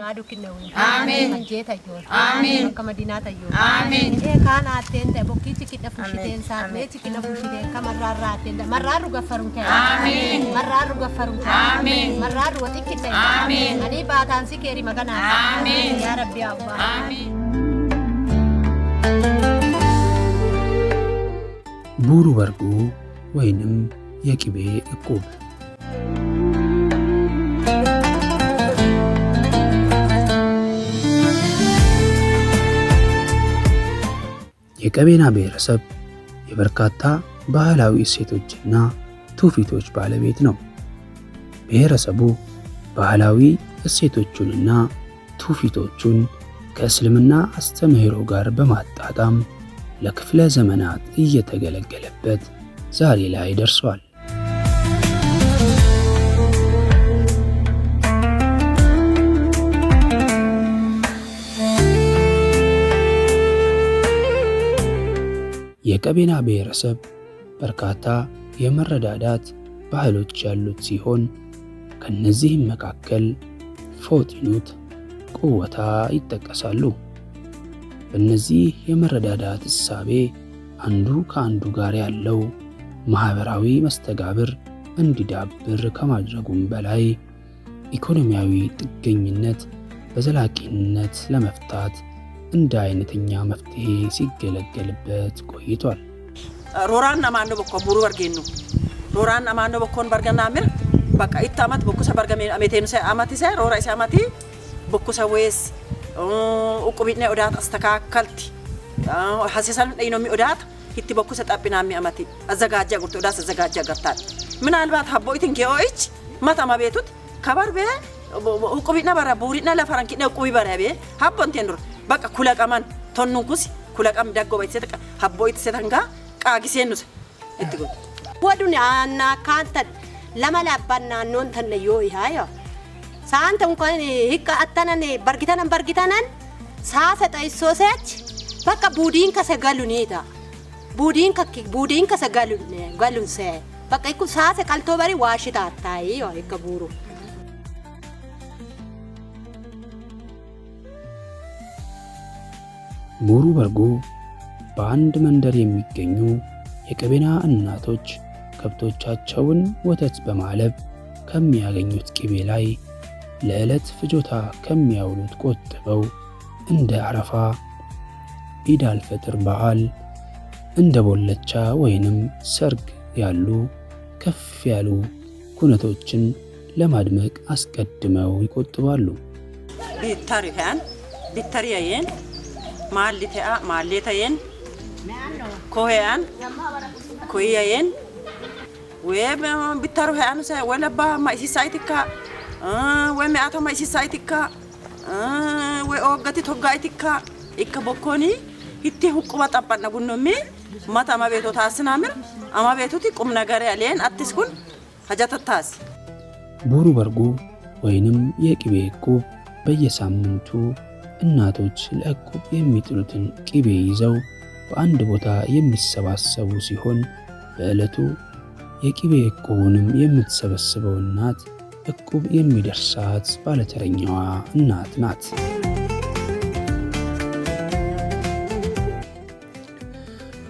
Amen. Amen. Kamadina tayo. Amen. Eh kana atenda bokki tikita fushiten sa me tikita fushiten kamarara atenda mararu gafarun ta. Amen. Mararu gafarun ta. Amen. Mararu tikita. Amen. Ani batan sikeri magana. Amen. Ya Rabbi Allah. Amen. ቡሩ በርቁ ወይንም የቅቤ እቁብ የቀቤና ብሔረሰብ የበርካታ ባህላዊ እሴቶችና ትውፊቶች ባለቤት ነው። ብሔረሰቡ ባህላዊ እሴቶቹንና ትውፊቶቹን ከእስልምና አስተምህሮ ጋር በማጣጣም ለክፍለ ዘመናት እየተገለገለበት ዛሬ ላይ ደርሷል። የቀቤና ብሔረሰብ በርካታ የመረዳዳት ባህሎች ያሉት ሲሆን ከእነዚህም መካከል ፎጢኑት፣ ቁወታ ይጠቀሳሉ። በእነዚህ የመረዳዳት እሳቤ አንዱ ከአንዱ ጋር ያለው ማህበራዊ መስተጋብር እንዲዳብር ከማድረጉም በላይ ኢኮኖሚያዊ ጥገኝነት በዘላቂነት ለመፍታት እንደ አይነተኛ መፍትሄ ሲገለገልበት ቆይቷል። ሮራን አማኖ በኮ ቡሩ በርጌኑ ሮራን አማኖ በኮን በርገና ምር በቃ ኢት አመት በኩሰ በርገሜ አመቴን ሰ አመት ሰ ሮራ ሰ አመቲ በኩሰ ወይስ ኡቁቢነ ኦዳት አስተካከልቲ ሐሰሰን ደይኖሚ ኦዳት ሂቲ በኩሰ ጣጲናሚ አመቲ አዘጋጃ ጉርት ኦዳት አዘጋጃ ገርታል ምናልባት ሀቦይትን ጌኦይች መተማ ቤቱት ከበርቤ ኡቁቢነ በረ ቡሪነ ለፈረንኪነ ኡቁቢ በረቤ ሀቦንቴን ዱር bakka kula kaman tonnuun kusi kula kam qam seta baay'isee takka seta nga tangaa qaagisee nusa itti godhu. Wadun aanaa kanta lama labbaan naannoon tanne yoo ihaayo. Saanta kun hikka attanan bargitanan bargitanan saase xayisoo seechi bakka buudiin kase galuniita. Buudiin kakki buudiin kase galun se baka iku ikku se kalto bari waashita attaayi yoo hikka buru ሙሩ በርጉ በአንድ መንደር የሚገኙ የቀቤና እናቶች ከብቶቻቸውን ወተት በማለብ ከሚያገኙት ቅቤ ላይ ለዕለት ፍጆታ ከሚያውሉት ቆጥበው እንደ አረፋ፣ ኢድ አልፈጥር በዓል፣ እንደ ቦለቻ ወይንም ሰርግ ያሉ ከፍ ያሉ ኩነቶችን ለማድመቅ አስቀድመው ይቆጥባሉ። maallitaa maalleetayeen koheyan koyyayen ወይም ቢታሩ ያንሰ ወለባ ማይሲ ሳይቲካ ወይ ሚያቶ ማይሲ ሳይቲካ ወይ ኦገቲ ቶጋይቲካ ኢከ ቦኮኒ ሂቴ ሁቁባ ጠባና ቡኖሚ ማታ ማቤቶ ታስናምር አማቤቱቲ ቁም ነገር ያለን አትስ ኩን ሀጃተታስ ቡሩ በርጉ ወይንም የቅቤ ዕቁብ በየሳምንቱ እናቶች ለእቁብ የሚጥሉትን ቅቤ ይዘው በአንድ ቦታ የሚሰባሰቡ ሲሆን በዕለቱ የቅቤ እቁቡንም የምትሰበስበው እናት እቁብ የሚደርሳት ባለተረኛዋ እናት ናት።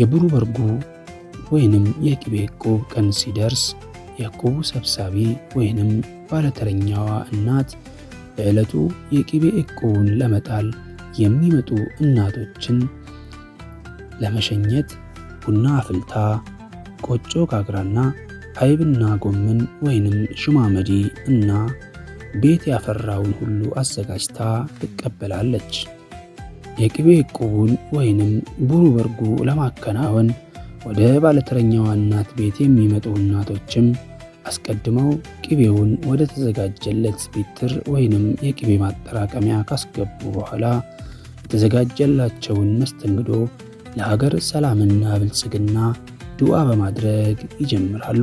የብሩ በርጉ ወይንም የቅቤ እቁብ ቀን ሲደርስ የእቁቡ ሰብሳቢ ወይንም ባለተረኛዋ እናት በዕለቱ የቅቤ እቁቡን ለመጣል የሚመጡ እናቶችን ለመሸኘት ቡና አፍልታ ቆጮ ካግራና አይብና ጎመን ወይንም ሽማመዲ እና ቤት ያፈራውን ሁሉ አዘጋጅታ ትቀበላለች። የቅቤ ዕቁቡን ወይንም ቡሩ በርጉ ለማከናወን ወደ ባለተረኛዋ እናት ቤት የሚመጡ እናቶችም አስቀድመው ቅቤውን ወደ ተዘጋጀለት ቢትር ወይንም የቅቤ ማጠራቀሚያ ካስገቡ በኋላ የተዘጋጀላቸውን መስተንግዶ ለሀገር ሰላምና ብልጽግና ዱዓ በማድረግ ይጀምራሉ።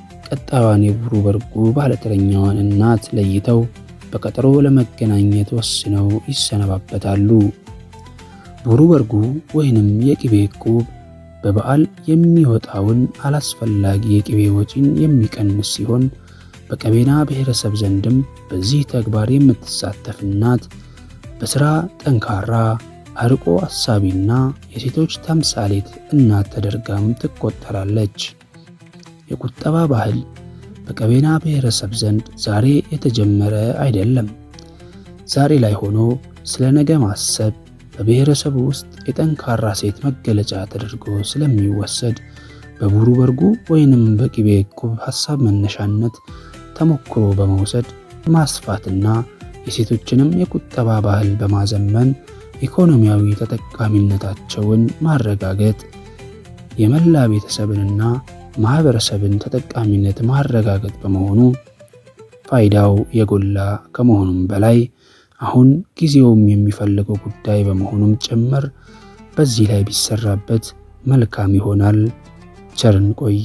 ቀጣዩዋን የቡሩ በርጉ ባለተረኛዋን እናት ለይተው በቀጠሮ ለመገናኘት ወስነው ይሰነባበታሉ። ቡሩ በርጉ ወይንም የቅቤ ዕቁብ በበዓል የሚወጣውን አላስፈላጊ የቅቤ ወጪን የሚቀንስ ሲሆን በቀቤና ብሔረሰብ ዘንድም በዚህ ተግባር የምትሳተፍ እናት በሥራ ጠንካራ፣ አርቆ አሳቢና የሴቶች ተምሳሌት እናት ተደርጋም ትቆጠራለች። የቁጠባ ባህል በቀቤና ብሔረሰብ ዘንድ ዛሬ የተጀመረ አይደለም። ዛሬ ላይ ሆኖ ስለ ነገ ማሰብ በብሔረሰቡ ውስጥ የጠንካራ ሴት መገለጫ ተደርጎ ስለሚወሰድ በቡሩ በርጉ ወይንም በቅቤ ቁብ ሀሳብ መነሻነት ተሞክሮ በመውሰድ ማስፋትና የሴቶችንም የቁጠባ ባህል በማዘመን ኢኮኖሚያዊ ተጠቃሚነታቸውን ማረጋገጥ የመላ ቤተሰብንና ማህበረሰብን ተጠቃሚነት ማረጋገጥ በመሆኑ ፋይዳው የጎላ ከመሆኑም በላይ አሁን ጊዜውም የሚፈልገው ጉዳይ በመሆኑም ጭምር በዚህ ላይ ቢሰራበት መልካም ይሆናል። ቸርን ቆይ